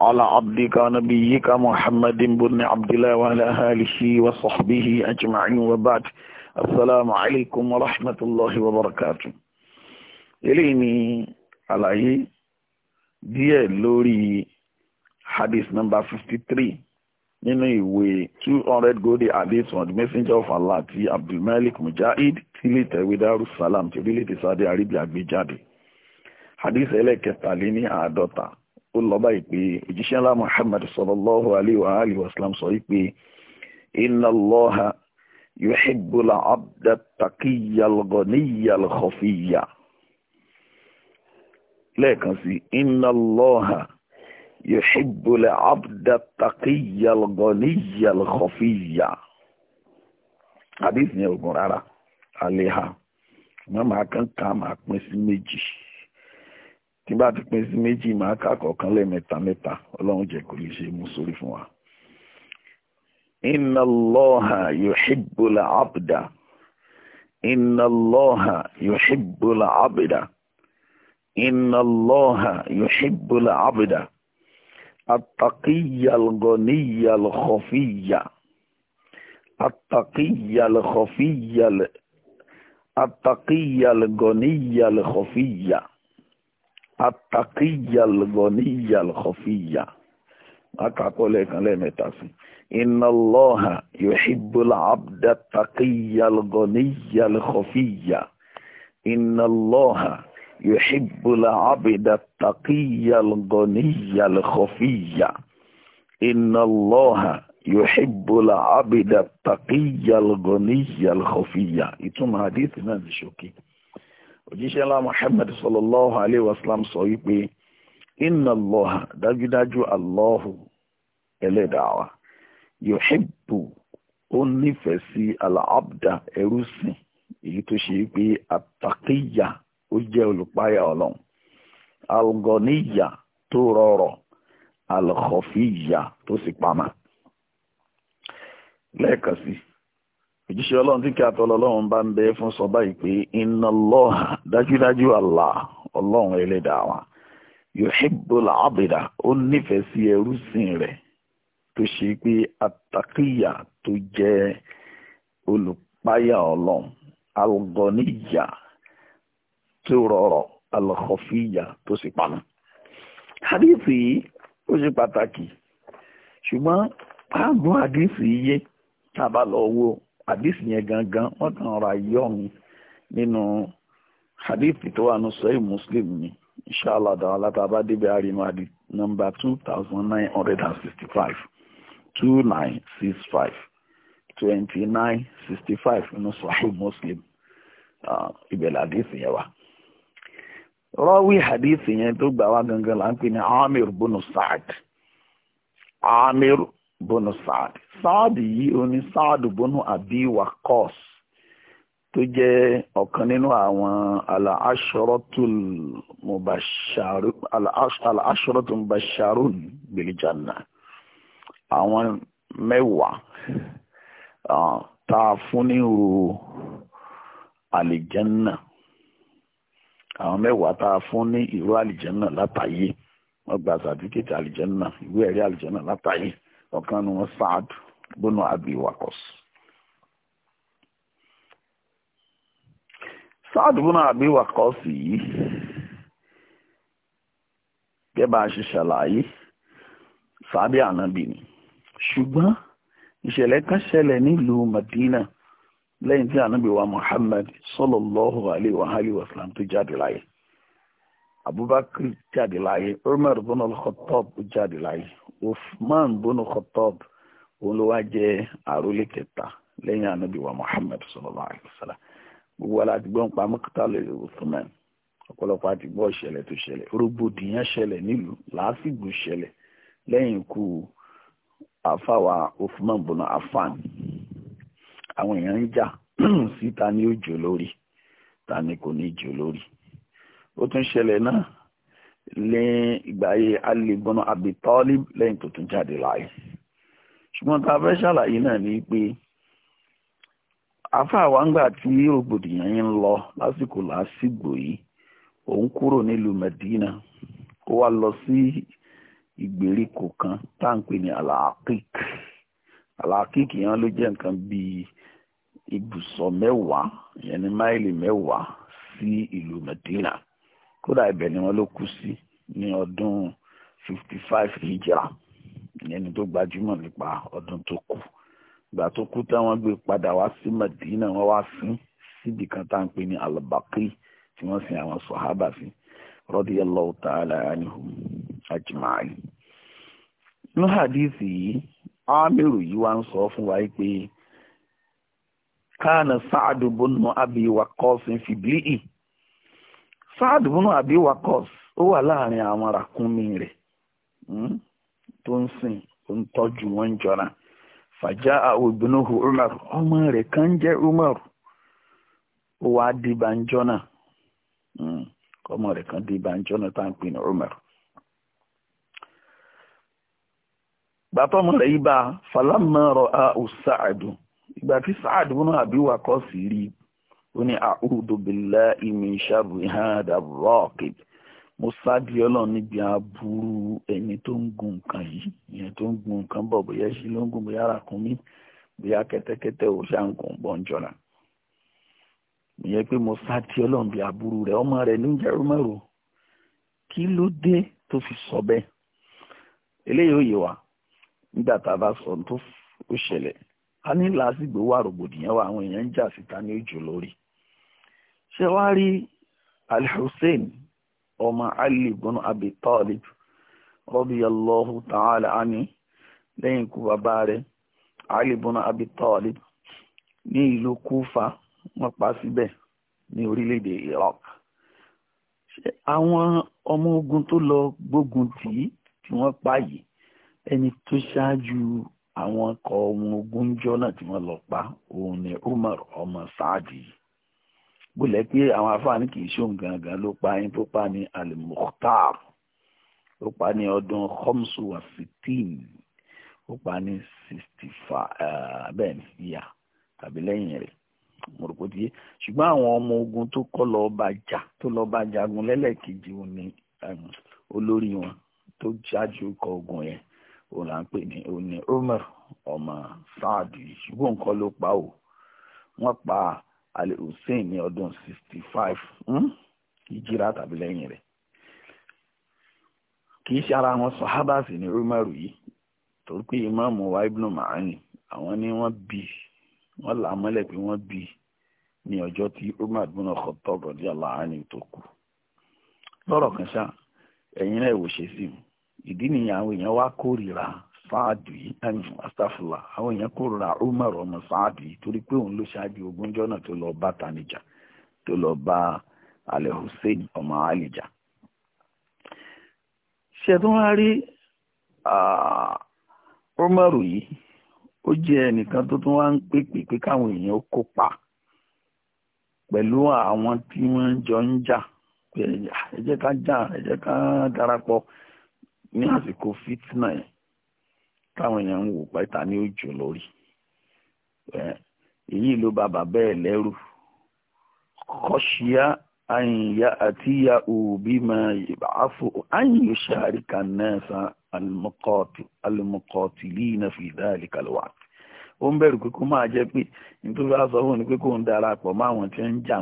على عبدك نبيك محمد بن عبد الله وعلى آله وصحبه أجمعين وبعد السلام عليكم ورحمة الله وبركاته إليني على díẹ̀ lórí hadith number fifty three nínú ìwé two hundred godi hadith on the messenger of allah ti abdulmalik mujahid tí ilé ìtẹ̀wé darussalam ti orílẹ̀-èdè saudi arabia gbé jáde hadith ẹlẹ́kẹtàléní àádọ́ta ó lọ báyìí pé òjíṣẹ́ ńlá muhammad sallallahu alayhi wa alihi wa sallam sọ wípé inna allaha yuhibbul abda taqiyyal ghaniyyal khafiyya lẹ́ẹ̀kan sí inna allaha yuhibbul abda taqiyyal ghaniyyal khafiyya àdìsí yẹn ògùn rárá àléhà màmá kan kà á máa pín sí méjì tí bá ti pín sí méjì máa kàkọ̀ kan lẹ́ẹ̀mẹ́ta mẹ́ta ọlọ́run jẹ́ kò lè ṣe mú sórí fún wa. inna Allaha yuhibbul abda inna Allaha yuhibbul abda inna Allaha yuhibbul abda التقي الغني الخفي التقي الخفي التقي الغني الخفي التقي الغني الخفي إن الله يحب العبد التقي الغني الخفي إن الله يحب العبد التقي الغني الخفي إن الله يحب العبد التقي الغني الخفي إتم حديثنا شوكي òjíṣẹ́ ńlá Muhammad sallallahu alayhi wa sallam sọ wípé inna Allaha dájúdájú Allahu ẹlẹ́dàá wa yuhibbu ó nífẹ̀ẹ́ sí al-abda ẹrú sìn èyí tó ṣe pé àtàkìyà ó jẹ́ olùpáyà ọlọ́run algoniya tó rọrọ̀ alkhofiya tó sì pamọ́ lẹ́ẹ̀kan sí i. òjíṣẹ́ ọlọ́run tí kí ọlọ́run bá ń bẹ fún sọ báyìí pé inna dájúdájú Allah ọlọ́run ẹlẹ́dàá wa yuhibbul abida ó nífẹ̀ẹ́ sí ẹrú sìn rẹ̀ tó ṣe pé àtàkìyà tó jẹ́ olùpáyà ọlọ́run tó rọrọ̀ tó sì hadith yẹn gangan wọ́n kàn ra yọ̀ ni nínú hadith tó wà ní sọ́yìn muslim ni inshallah dàwọn látàbá débi àrínú hadith number two thousand nine hundred and sixty five two nine six five twenty nine sixty five nínú sọ́yìn muslim ìbẹ̀lẹ̀ hadith yẹn wà rọ́wí hadith yẹn tó gbà wá gangan là ní amir bunu saad amir bónú Saad Saad yìí ó ní Saad bónú Abi Waqqas tó jẹ́ ọ̀kan nínú àwọn al-asharatul mubashsharun al-asharatul mubashsharun bil janna àwọn mẹ́wàá tá a fún ní òru àlìjẹ́nà àwọn mẹ́wàá tá a fún ní ìró àlìjẹ́nà gba sàdíkẹ́tì àlìjẹ́nà ìwé ẹ̀rí àlìjẹ́nà látàyè ọ̀kan nu wọn Saad bónú Abi Waqas. Saad bónú Abi Waqas yìí gẹ́gẹ́ bá a ṣe ṣàlàyé sàbí ànábì ni ṣùgbọ́n ìṣẹ̀lẹ̀ kan ṣẹlẹ̀ nílùú Madina lẹ́yìn tí ànábì wa Muhammad sallallahu alaihi wa alihi wa sallam tó jáde láyé abubakar jáde láyé umar bọ́nà khattab jáde láyé usman bọ́nà khattab òun ló wá jẹ́ àrólé kẹta lẹ́yìn anabi wa muhammad sallallahu alayhi wa sallam gbogbo aláti gbọ́n pa mọ́kítàlẹ̀ usman ọ̀pọ̀lọpọ̀ àti gbọ́ ìṣẹ̀lẹ̀ tó ṣẹlẹ̀ rògbòdìyàn ṣẹlẹ̀ nílùú làásìgbò ṣẹlẹ̀ lẹ́yìn ikú àfàwà usman bọ́nà afan àwọn èèyàn ń jà sí ta ni lórí ta ni kò ní jò lórí ó tún ṣẹlẹ̀ náà lé ìgbà ayé Ali ibn Abi Talib lẹ́yìn tó tún jáde láàyè ṣùgbọ́n tá a fẹ́ ṣàlàyé náà ni pé àáfàá wa ńgbà tí rògbòdìyàn yìí ń lọ lásìkò lásìgbò yìí òun kúrò nílùú Medina ó wá lọ sí ìgbèríko kan tá à ń pè ní alakik alakik yẹn ló jẹ́ nǹkan bíi ibùsọ̀ mẹ́wàá ìyẹn ní máìlì mẹ́wàá sí ìlú Medina. kódà ibẹ̀ ni wọ́n ló kú sí ní ọdún fifty five hijra ẹni tó gbajúmọ̀ nípa ọdún tó kù ìgbà tó kú tán wọ́n gbé padà wá sí Madina wọ́n wá sin síbi kan tá à ń pè ní al tí wọ́n sin àwọn sọ̀hábà sí ní sọ fún wa pé Saad bunu Abi Waqqas ó wà láàrin àwọn ràkúnmí rẹ̀ hmm, tó ń sìn ó ń tọ́jú wọn jọra fàjá àwọn ìgbónúhu Umar ọmọ rẹ̀ kan jẹ́ Umar ó wá di banjọ́ náà hmm, kan di banjọ́ náà tá à ń pè Sa'ad ìgbà tí ó ní a'udhu billahi min sharri hadha ar-raqib mo sáàdì ọlọ́run níbi aburú ẹni tó ń gun nǹkan yìí ìyẹn tó ń gun nǹkan bọ̀ bóyá ṣe ló ń gun bóyá ara kún mí bóyá kẹ́tẹ́kẹ́tẹ́ ò ṣá ń gun jọra ọmọ ní kí ló dé fi sọ bẹ́ẹ̀ eléyìí yé wa nígbà tá a bá sọ tó ṣẹlẹ̀ a ní làásìgbò wà rògbòdìyàn wa àwọn èèyàn ń jà ṣe al-hussein ọmọ ali ibn abi talib radiyallahu ta'ala ani lẹ́yìn ikú bàbá rẹ̀ ali abi talib ní ìlú kúfà wọ́n pa síbẹ̀ ní orílẹ̀-èdè iraq àwọn ọmọ ogun tó lọ gbógun tì tí wọ́n pa yìí ẹni tó ṣáájú àwọn ọkọ̀ ọmọ ogun jọ tí wọ́n lọ pa òun ni umar ọmọ saadi yìí bólẹ̀ pé àwọn afáàní kì í ṣóhun gangan ló pa yín tó pa ní al-Mukhtar ó pa ní ọdún homsu wa sitin ó pa ní sixty five eh, bẹ́ẹ̀ ni ìyá tàbí lẹ́yìn rẹ̀ mọ̀rọ̀kọ́tì ṣùgbọ́n àwọn ọmọ ogun tó kọ́ lọ bá jà tó lọ bá jagun lẹ́lẹ́kejì òun ni ehm, olórí wọn tó jájú ikọ̀ ogun yẹn òun là ń pè ní òun ni Umar ọmọ Saadi ṣùgbọ́n nǹkan ló pa ò wọ́n pa á. ali hussein ní ọdún sixty five hmm? ìjírà tàbí lẹ́yìn rẹ̀ kì í ṣe ara wọn sọ sì ní umaru yìí torí pé ìmáàmù wa ibnu ma'ani àwọn ni wọ́n bí wọ́n là á mọ́lẹ̀ pé wọ́n bí ní ọjọ́ tí umar ibn khattab tó lọ́rọ̀ kan ṣá ẹ̀yin náà wò ṣe sí ìdí èèyàn wá sáàdù yìí astafula àwọn èèyàn kórìíra umar ọmọ sáàdù torí pé òun ló ṣáájú ogun náà tó lọ bá tó lọ bá alẹ́ hussein ọmọ alìjà ṣẹ̀tún wá rí umar yìí ó jẹ́ ẹnìkan tó tún wá ń pèpè pé káwọn èèyàn kópa pẹ̀lú àwọn tí wọ́n jọ ń jà pé ká jà ká darapọ̀ ní àsìkò táwọn èèyàn ń wò pẹ́ta ní òjò lórí èyí ló bá bàbá ẹ̀ lẹ́rù kọ́ṣíá àyìnyá àti ya òbí máa yìbá àfò àyìnyó ṣàríkà náà san fi dáàlì kalwa ó ń bẹ̀rù pé kó máa jẹ́ pé sọ fún ni pé kó ń darapọ̀ mọ́ àwọn ń jà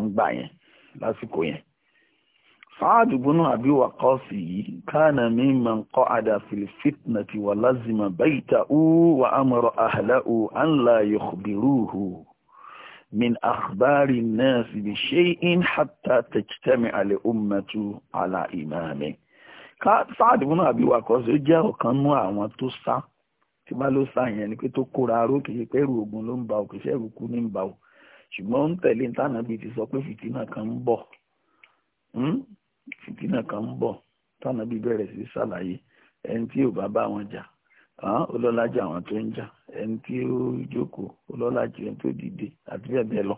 Sa'ad ibn Abi Waqqas yìí kana mimman qa'ada fil fitnati wa lazima baytahu wa amara ahlahu an la yukhbiruhu min akhbari an-nas bi shay'in hatta tajtami'a al-ummatu ala imami. Sa'ad ibn Abi Waqqas ó jẹ́ ọ̀kan nú àwọn tó sá tí bá ló sá yẹn ni pé tó kóra aró kìí pé ẹrù ogun ló ń ba òkè ṣẹ́rù kú ní ń ba ò ṣùgbọ́n ó ń ti sọ pé fìtínà kan ń fìtínà kan ń bọ̀ táwọn bí bẹ̀rẹ̀ sí ṣàlàyé ẹni tí ò bá bá wọn jà ọlọ́lájà àwọn tó ń jà ẹni tí ó jókòó ọlọ́lájà ẹni tó dìde àti bẹ́ẹ̀ bẹ́ẹ̀ lọ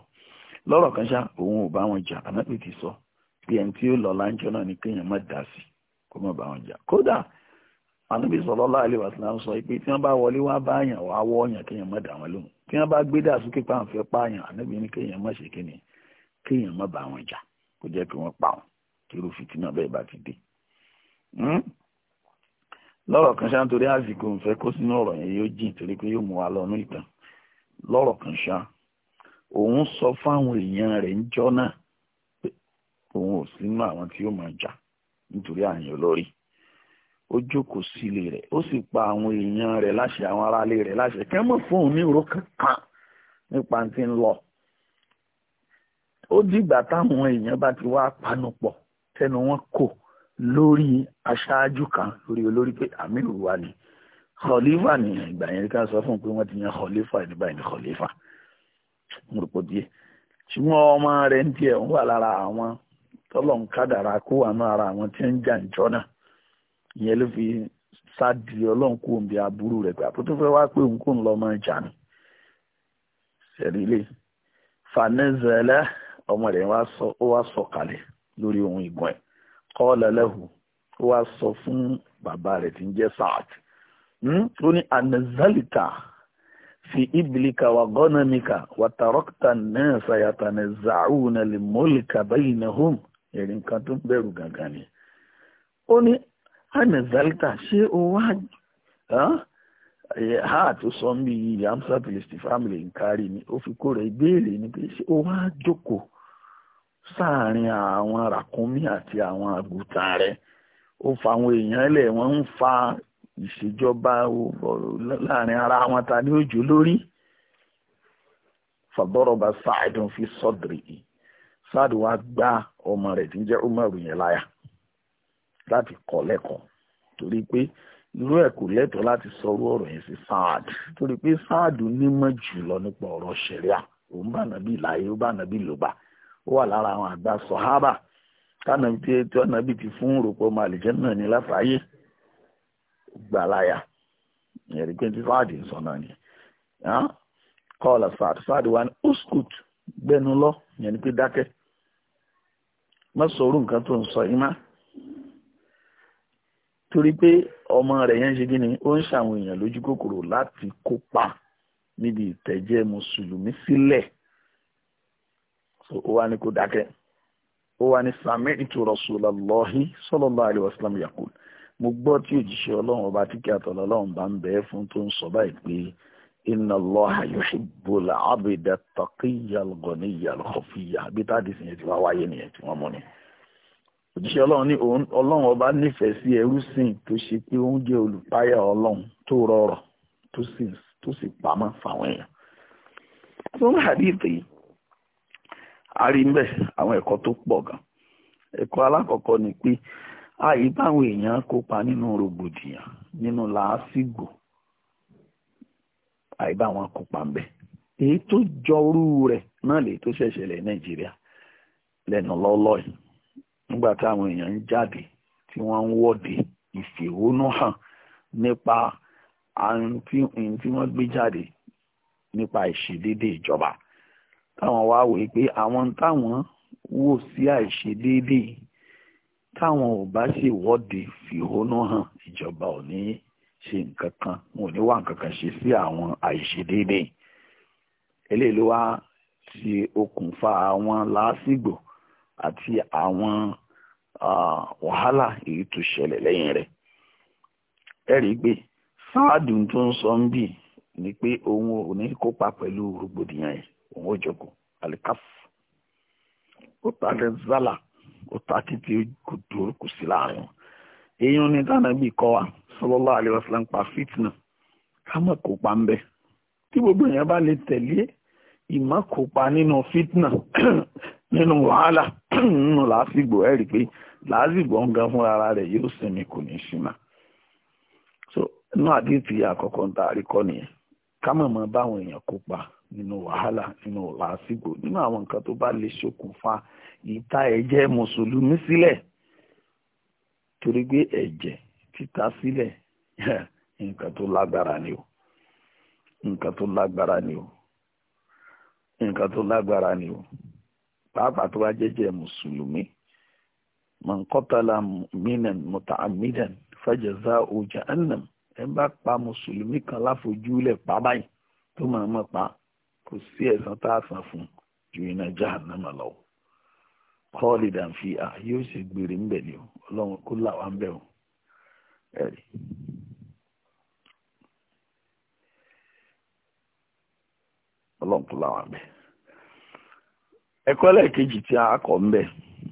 lọ́rọ̀ kan ṣá òun ò bá wọn jà ànápè ti sọ pé ẹni tí ó lọ láńjọ náà ni kéèyàn má dá sí kó má bá wọn jà kódà ànábì sallallahu alaihi wasallam sọ pé tí wọ́n bá wọlé wá bá àyàn wá wọ́ ọ̀yàn kéèyàn má dá wọn lóhùn tí wọ́n bá gbé dà sókè páwọn pààyàn ànábì ní kéèyàn má ṣe kéèyàn má bá wọn jà kó jẹ́ pé wọ́n pa wọn irú fìtínà bẹ́ẹ̀ bá ti dé hmm? lọ́rọ̀ kan ṣá nítorí àsìkò ń fẹ́ kó sínú ọ̀rọ̀ yẹn yóò jìn torí pé yóò mú wa lọ́nú ìtàn lọ́rọ̀ kan ṣá sọ fáwọn èèyàn rẹ̀ ń jọ́ náà pé òun ò sínú àwọn tí o máa jà nítorí àyàn olórí ó jókòó rẹ̀ ó sì pa àwọn èèyàn rẹ̀ láṣẹ àwọn aráalé rẹ̀ láṣẹ kí fóun ní kankan nípa ń lọ táwọn èèyàn bá ti wá panupọ̀ tẹnu wọn kò lórí aṣáájú kan lórí olórí pé amíru wa ni khalifa ni ìgbà yẹn ká sọ fún un pé wọ́n ti yan khalifa ni báyìí ní khalifa mo rò pé díẹ̀ ṣùgbọ́n ọmọ rẹ̀ ń tiẹ̀ ń wà lára àwọn tọ́lọ̀ ń kádàrá kó wà náà ara àwọn tí ń jà ìjọ náà ìyẹn ló fi sáàdì ọlọ́run kó ń bi aburú rẹ̀ pé àpótí fẹ́ wá pé òun kò ń lọ ọmọ ìjà ni ṣẹ̀rílẹ̀ fanẹ́zẹ̀lẹ́ ọmọ rẹ̀ wá sọ kalẹ̀ lórí ohun ìgbọ̀n ẹ̀ qala lahu ó wá sọ fún bàbá rẹ̀ tí ń jẹ́ Sa'ad hmm? ó ní anazalika fi iblika wa ghanamika wa tarakta an-nasa yatanazza'una al-mulka baynahum ẹ̀rí nǹkan tó ń bẹ̀rù gàgà ni ó ní anazalika ṣé o wá ha tó sọ ń bí amsa palestine family ń kárí ni ó fi kó rẹ̀ ìbéèrè ni pé ṣé o wá jókòó sáàárín àwọn ràkúnmí àti àwọn àgùntàn rẹ̀ ó fa àwọn èèyàn lẹ̀ wọ́n ń fa ìṣèjọba láàrin ara wọn ta ní òjò lórí fàdọ́rọ̀bà sáàdùn fi sọ́dìrì sáàdùn wa gba ọmọ rẹ̀ tí ń jẹ́ umaru yẹn láyà láti kọ́ lẹ́kọ̀ọ́ torí pé irú ẹ̀ kò lẹ́tọ̀ọ́ láti sọrú ọ̀rọ̀ yẹn sí sáàd torí pé sáàdùn nímọ̀ jùlọ nípa ọ̀rọ̀ ṣẹ̀ríà òun bá nàbí láyé ó bá nàbí lòbá ó wà lára àwọn àgbà sọ̀hábà kánà tí ètò ànábì ti fún rògbò ọmọ náà ní láfàáyé gbàláyà ẹ̀rí pé tí fáàdì ń sọ náà ni kọ́ọ̀lá fáàdì fáàdì wa ni uskut gbẹnu lọ yẹn ni pé dákẹ́ má nǹkan tó ń sọ yìí má torí pé ọmọ rẹ̀ yẹn ṣe gíní ó ń ṣàwọn èèyàn lójú kòkòrò láti kópa níbi so ó wá ní kó dákẹ́ ó wá ní sami'tu rasulallahi sallallahu alaihi wasallam yaqul mo gbọ́ tí òjíṣẹ́ ọlọ́run ọba tí kí àtọ̀lọ́ ọlọ́run bá ń bẹ́ẹ̀ fún tó ń sọ báyìí pé inna allaha yuhibbul abda taqiyyal ghaniyyal khafiyya bí táàdì sì yẹn ti wá wáyé nìyẹn tí wọ́n mú ni. òjíṣẹ́ ọlọ́run ní ọlọ́run ọba nífẹ̀ẹ́ sí ẹrú sìn tó ṣe pé ó ń jẹ́ olùpáyà ọlọ́run tó rọrọ̀ tó sì pamọ́ fáwọn èèyàn. tó ń hadith ari rí awon àwọn to tó pọ̀ gan ẹ̀kọ́ alákọ̀ọ́kọ́ ni pé àyè báwọn èèyàn kópa nínú rògbòdìyàn nínú làásìgbò àyè báwọn kópa mbẹ èyí tó jọrú to náà lè tó ṣẹ̀ṣẹ̀ nàìjíríà lẹ́nu lọ́lọ́ yìí nígbà táwọn èèyàn ń jáde tí wọ́n ń wọ́de hàn nípa tí gbé jáde nípa táwọn wá wòye pé àwọn táwọn wò sí àìṣe déédéé táwọn ò bá sì wọ́de fìhónú hàn ìjọba ò ní ṣe nǹkan kan wọn ò ní wá nǹkan kan ṣe sí àwọn àìṣe déédéé eléyìí ló wá ti okùnfà àwọn làásìgbò àti àwọn wàhálà èyí tó ṣẹlẹ̀ lẹ́yìn rẹ̀ ẹ̀rí gbé sáàdùn tó ń sọ ń bì ni pé òun ò ní kópa pẹ̀lú rògbòdìyàn yìí òun ó jogún alikaf òtá rẹ zala òtá títí kò dúró kò sí láàrin wọn èèyàn ní dáná bí wa sallallahu alaihi wasallam pa fitna kama mọ̀ pa gbogbo pa nínú fitna nínú wahala nínú làásìgbò ẹ̀ rí i pé làásìgbò ń gan sinmi ta nínú wàhálà nínú làásìgbò nínú àwọn nǹkan tó bá lè ṣokùnfà ìta ẹ̀jẹ̀ mùsùlùmí sílẹ̀ torí pé ẹ̀jẹ̀ títa sílẹ̀ nǹkan tó lágbára ni o nǹkan tó lágbára ni o nǹkan tó lágbára ni o pàápàá tó bá jẹ́jẹ́ mùsùlùmí man qatala mu'minan muta'ammidan fajaza'u jahannam ẹ bá pa mùsùlùmí kan láfojúlẹ̀ pa báyìí tó máa mọ̀ pa kò sí tá a fún ju iná jahannama lọ kọ́ọ̀lì à yóò ṣe gbére ńbẹ̀ ni ọlọ́run kó là wá ńbẹ̀ o ọlọ́run kó là wá ẹ̀kọ́ ẹlẹ́ẹ̀kejì tí a kọ́ ńbẹ̀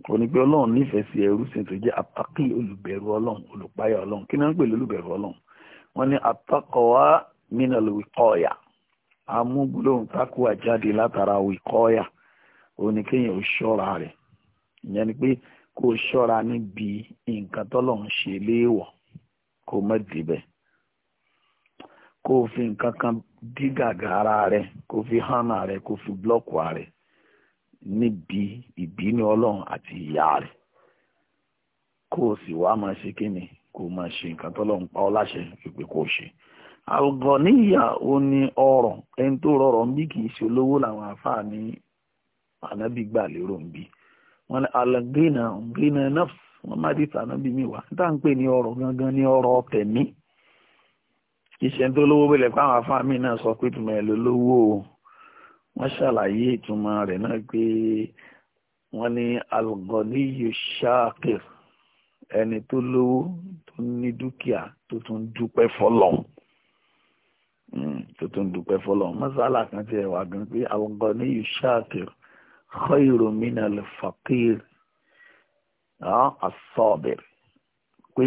kò ní pé ọlọ́run nífẹ̀ẹ́ sí ẹrú sí tó jẹ́ olùbẹ̀rù ọlọ́run olùpáyà amúgbòlóhùn tákùwà jáde látara ìkọ́yà òní kéèyàn ó ṣọ́ra rẹ̀ ìyẹn ni pé kó ṣọ́ra níbi nǹkan tọ́lọ̀ ń ṣe léèwọ̀ o fi nǹkan kan dí gàgà ara o fi hana rẹ̀ kó o fi blọ́ọ̀kù rẹ̀ níbi ìbínú ọlọ́run àti ìyá rẹ̀ sì wá máa ṣe kíni máa ṣe nǹkan tọ́lọ̀ ń pa ṣe. algoniya ó ní ọrọ̀ ẹni tó rọrọ̀ ń bí kì í ṣe olówó làwọn àfáà ní ànábì gbà lérò ń bí wọn ní algrina grina nafs wọn má dé tànábì mi wá níta ń pè ní ọrọ̀ gangan ní ọrọ̀ tẹ̀mí iṣẹ́ tó lówó bẹ̀lẹ̀ pé àwọn àfáà mi náà sọ pé tùmọ̀ ẹ̀ lólówó wọn ṣàlàyé ìtumọ̀ rẹ̀ náà pé wọn ní algoniyu ẹni tó lówó tó ní dúkìá tó tún dúpẹ́ fọlọ́n Hmm, tó tún dúpẹ́ fọlọ́ mọ́sálà kan ti ẹ̀wà gan pé àwọ̀gọ́ ní yushakir khayru minal faqir ah, as-sabir pé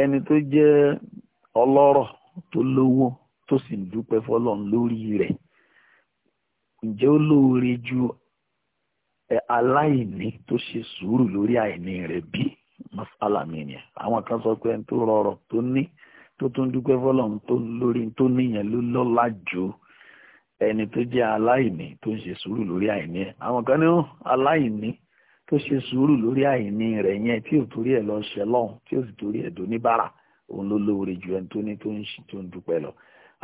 ẹni tó jẹ́ ọlọ́rọ̀ tó lówó tó sì ń dúpẹ́ fọlọ́ lórí rẹ̀ ǹjẹ́ ó lóore ju aláìní tó ṣe sùúrù lórí àìní rẹ̀ bí mọ́sálà mi ni àwọn kan sọ pé ẹni tó rọrọ̀ tó ní tó tún dúpẹ́ fọlọ́run tó lórí tó níyàn ló lọ́lá jù ẹni tó jẹ́ aláìní tó ń ṣe sùúrù lórí àìní ẹ̀ àwọn kan ní ó aláìní tó ṣe sùúrù lórí àìní rẹ̀ yẹn tí ò torí ẹ̀ lọ ṣẹ lọ́hùn tí ò sì torí ẹ̀ dò níbàrà òun ló lóore jù ẹni tó ní tó ń ṣe tó ń dúpẹ́ lọ.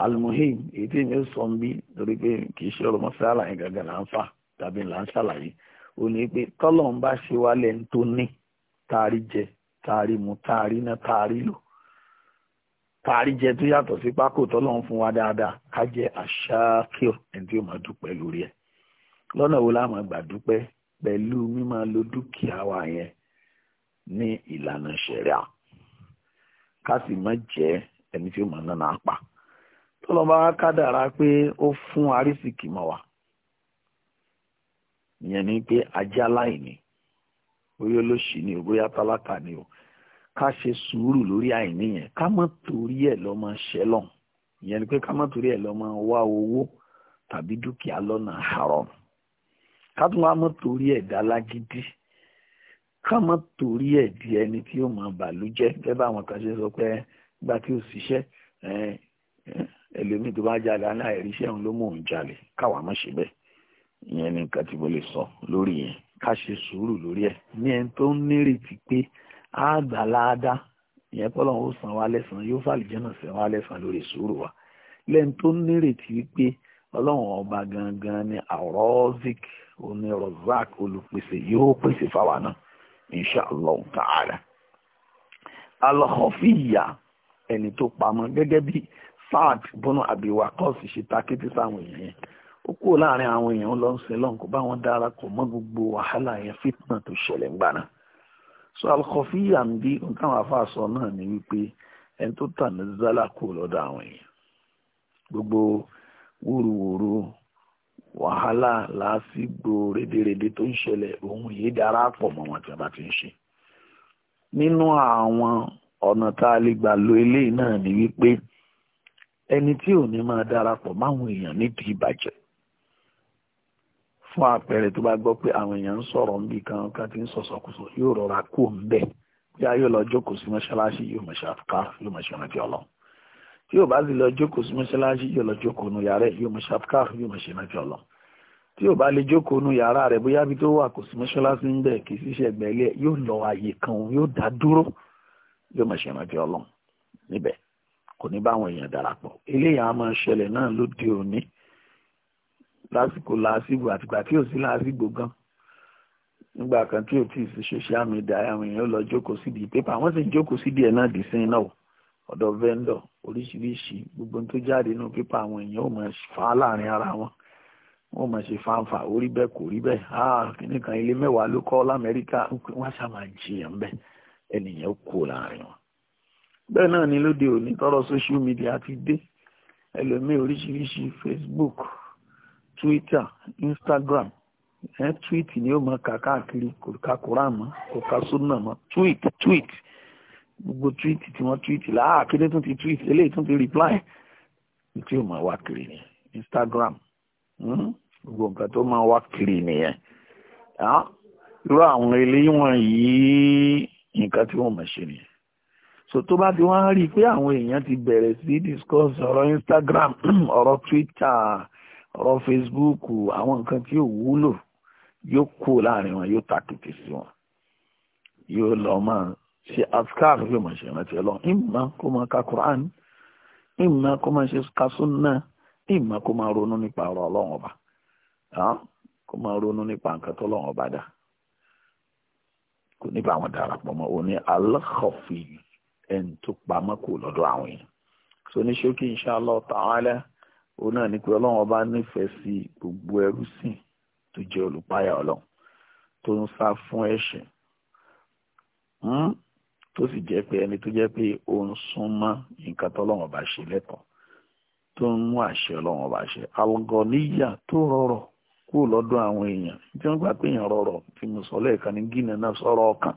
almuhim èyí tí mi ó sọ ń bí torí pé kì í ṣe ọ̀rọ̀ mọ́sálà yẹn gangan là ń fà tàbí là ń ṣàlàyé ó ní pé tọ́lọ́run bá ṣe wálẹ̀ ń tó ní taari jẹ taari mu taari ná taari lò tààrí jẹ tó yàtọ̀ sí pákó tọ́lọ́run fún wa dáadáa ká jẹ àṣàkíọ̀ ẹni tí ó máa dúpẹ́ lórí ẹ̀ lọ́nà wo la gbà dúpẹ́ pẹ̀lú mímáa lo dúkìá wa yẹn ní ìlànà ṣẹ̀ríà ká sì ẹni tí ó máa nánà apá fún arísìkì mọ́ wa ìyẹn ni ajá ni ká ṣe sùúrù lórí àìní yẹn ká má torí ẹ̀ lọ máa ṣẹlọ̀ ìyẹn ni pé ká má torí ẹ̀ lọ máa wá owó tàbí dúkìá lọ́nà haram ká tún wá má torí ẹ̀ dá lágídí ká má torí ẹ̀ di ẹni tí ó máa bàlújẹ́ bẹ́ẹ̀ báwọn kan ṣe sọ pé gba tí ó ṣiṣẹ́ ẹlòmíì tó bá jalè aláìríṣẹ́ òun ló mú òun jalè káwa má ṣe bẹ́ẹ̀ ìyẹn ni nǹkan tí mo lè sọ lórí yẹn ká ṣe sùúrù lórí ẹ̀ ní ẹni tó ń nírètí pé á gbà láàdá ìyẹn pé Ọlọ́run ó san wá lẹ́san yóò fàlìjẹ́nà san wá lẹ́san lórí sùúrù wa lẹ́yìn tó nírètí pé ọlọ́run ọba gangan ni àrọ́zik oní rozak olùpèsè yóò pèsè fáwa náà inshallah ta'ala alọ́kọ̀fìyà ẹni tó pamọ́ gẹ́gẹ́ bí Saad bọ́nà àbíwá kọ́ọ̀sì ṣe takété sáwọn èèyàn yẹn ó kúrò láàrin àwọn èèyàn lọ́n ṣe lọ́n kó dára kò mọ́ gbogbo wàhálà yẹn fitna tó ṣẹlẹ̀ ńgbà náà so alkọfíyà ń bí nǹkan àfa sọ náà ni wípé ẹni tó tà ní zálà kú lọ́dọ̀ àwọn èèyàn gbogbo wúruwúru wàhálà làásìgbò rédèrèdè tó ń ṣẹlẹ̀ òun yìí dára pọ̀ mọ́ wọn tí wọ́n bá ti ń ṣe nínú àwọn ọ̀nà tá a lè gbà lo eléyìí náà ni wípé ẹni tí ò ní máa darapọ̀ máwọn èèyàn nídìí ìbàjẹ́ fún àpẹẹrẹ tó bá gbọ́ pé àwọn èèyàn ń sọ̀rọ̀ níbi kan ká ti ń sọ̀sọ̀kùsọ yóò rọra kú òǹbẹ̀ bí a yóò lọ jókòó sí mọ́ṣáláṣí yóò mọ̀ ṣàfikà yóò mọ̀ ṣèrántí ọlọ́run tí yóò bá sì lọ jókòó sí mọ́ṣáláṣí yóò lọ jókòó nu yàrá yóò mọ̀ ṣàfikà yóò mọ̀ ṣèrántí ọlọ́run tí yóò bá lè jókòó nu yàrá rẹ̀ bóyá bí tó wà kò sí mọ́ṣáláṣí ń bẹ̀ kì í sì ṣẹ̀gbẹ́ lásìkò làásìgbò àtìgbà tí ò sí làásìgbò gan nígbà kan tí ò tí ì sí social media àwọn èèyàn lọ jókòó sídìí pépà wọ́n sì jókòó sídìí ẹ̀ náà dì sí iná o ọ̀dọ̀ vendor oríṣiríṣi gbogbo tó jáde nínú pépà àwọn èèyàn ò máa fà á láàrin ara wọn wọn ò máa ṣe fanfa orí bẹ́ẹ̀ kò rí bẹ́ẹ̀ ah kìnnì kan ilé mẹ́wàá ló kọ́ lamẹ́ríkà wọ́n ṣáà máa jiyàn bẹ́ẹ̀ ẹnìyàn kú láàrin wọn. bẹ́ẹ̀ náà ni lóde òní tọrọ social media ti dé ẹlòmíì oríṣiríṣi Facebook twitter instagram ẹ tweet ni ó máa kà káàkiri kò ka quran mọ́ kò ka sunna mọ́ tweet tweet gbogbo tweet tí wọ́n tweet láà ah, kíni tún ti tweet eléyìí tún ti reply tí ó máa wá kiri ni instagram hmm? gbogbo nǹkan tó ma wá kiri nìyẹn irú àwọn eléyìí wọ̀nyí nǹkan tí wọ́n máa ṣe nìyẹn so tó bá ti wá rí i pé àwọn èèyàn ti bẹ̀rẹ̀ sí discuss ọ̀rọ̀ instagram ọ̀rọ̀ twitter ọ̀rọ̀ Facebook àwọn nǹkan tí ò wúlò yóò kú láàrin wọn yóò ta kété sí wọn yóò lọ máa ṣe askar yóò máa ṣe ìrántí Ọlọ́run ìmọ̀ kó máa ka Quran ìmọ̀ kó máa ṣe kasunna ìmọ̀ kó máa ronú nípa ọ̀rọ̀ Ọlọ́run ọba kó máa ronú nípa nǹkan tó Ọlọ́run ọba dá kò nípa àwọn darapọ̀ mọ́ òní aláxọ̀fì ẹni tó pamọ́ kò lọ́dọ̀ àwọn yẹn so ní ṣókí insha Allah ta'ala òun náà ni pé ọlọ́run ọba nífẹ̀ẹ́ sí gbogbo ẹrú sìn tó jẹ́ olùpáyà ọlọ́run tó ń sá fún ẹ̀ṣẹ̀ hmm, tó sì jẹ́ pé ẹni tó jẹ́ pé ó ń sún mọ́ nǹkan tọ́lọ́run ọba ṣe lẹ́tọ̀ọ́ tó ń mú àṣẹ ọlọ́run ọba ṣe algọ́níyà tó rọrọ̀ kúrò lọ́dọ̀ àwọn èèyàn tí wọ́n gbà pé èèyàn rọrọ̀ tí mo sọ lẹ́ẹ̀kan ní gínà náà sọ̀rọ̀ ọkàn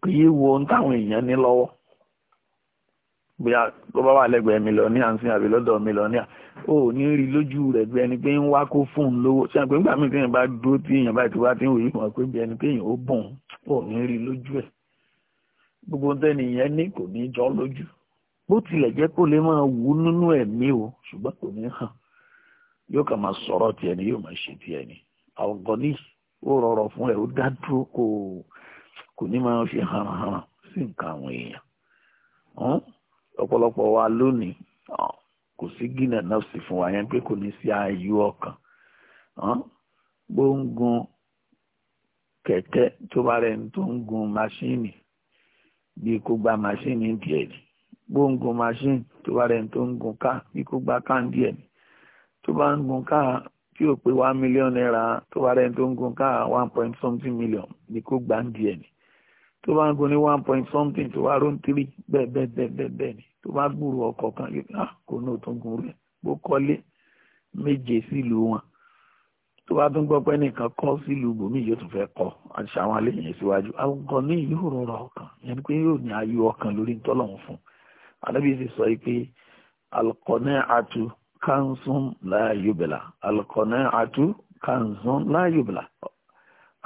kì í wo ohun táwọn èèyàn ní lọ́wọ́ bóyá tó bá wà lẹ́gbẹ̀ẹ́ mílíọ̀nìyà ń sìn àbí lọ́dọ̀ mílíọ̀nìyà ó ní rí lójú rẹ̀ bí ẹni pé ń wá kó fún un lówó ṣé àpé nígbà míì téèyàn bá dúró tí èèyàn bá ti wá tí ń wòye kan pé bí ẹni pé èèyàn ó bùn ó ní rí lójú ẹ̀ gbogbo tẹ́ni yẹn ní kò ní jọ lójú bó tilẹ̀ jẹ́ kó lè máa wú nínú ẹ̀mí o ṣùgbọ́n kò ní hàn yóò kàn máa sọ̀rọ̀ tiẹ̀ ni yóò máa ṣe tiẹ̀ ni àwọ̀gọ́ní ó rọrọ̀ fún ẹ̀ ó dá kò kò ní máa fi hàn hàn sí nǹkan àwọn èèyàn. Hm? ọ̀pọ̀lọpọ̀ wa lónìí kò sí gínà nọ́ọ̀sì fún wa yẹn pé kò ní sí ayú ọkàn bó ń gun kẹ̀kẹ́ tó bá rẹ̀ tó ń gun maṣíìnì bí kò gba maṣíìnì díẹ̀ ni bó ń tó bá rẹ̀ tó ń gun ká bí kò gba ká díẹ̀ ni tó bá ń gun ká tí ò pé one million naira tó bá rẹ̀ tó ń gun ká one point something million ni kò gba díẹ̀ ni tó bá ń gun ní one point something tó wá rón three bẹ́ẹ̀ bẹ́ẹ̀ bẹ́ẹ̀ bẹ́ẹ̀ bẹ́ẹ̀ ni tó bá gbúrò ọkọ̀ kan yóò ah kò ní òtún gun rẹ̀ bó kọ́lé méje sílùú wọn tó bá tún gbọ́ pé nìkan kọ́ sílùú bòmí yóò tún fẹ́ kọ́ àṣà àwọn alẹ́ yẹn síwájú àwọn ní yóò rọra ọkàn yẹn pé yóò ní ayọ̀ ọkàn lórí ntọ́lọ́hún fún anábìyí sì sọ pé alukọ̀nẹ́ àtú kanṣun láàyò bẹ̀là alukọ̀nẹ́ àtú kanṣun láàyò bẹ̀là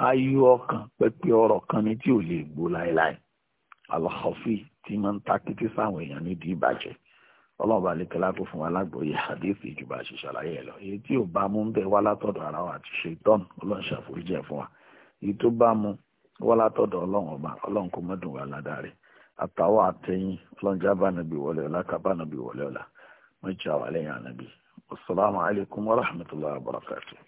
ayú ọkàn pẹpẹ ọ̀rọ̀ kan ni tí ò lè gbó láéláé alhafi tí máa ń ta kété sáwọn èèyàn nídìí ìbàjẹ́ ọlọ́ọ̀bà lẹ́kẹ́lá tó fún wa lágbóyè àdéhùn ìjùbà ṣe ṣàlàyé ẹ̀ lọ èyí tí ò bá mú ń bẹ̀ wá látọ̀dọ̀ ara wa àti ṣetán ọlọ́ọ̀ṣà foríjẹ́ fún wa èyí tó bá mú wá látọ̀dọ̀ ọlọ́run ọba ọlọ́run kò mọ́dún wa ládàá rẹ̀ àtẹ̀yìn ọlọ́njà bá nàbí wọlé ọ̀la kábà nàbí wọlé ọ̀la wọ́n wà lẹ́yìn ànàbí wasalaamu alaykum wa rahmatulahi wa barakatuh.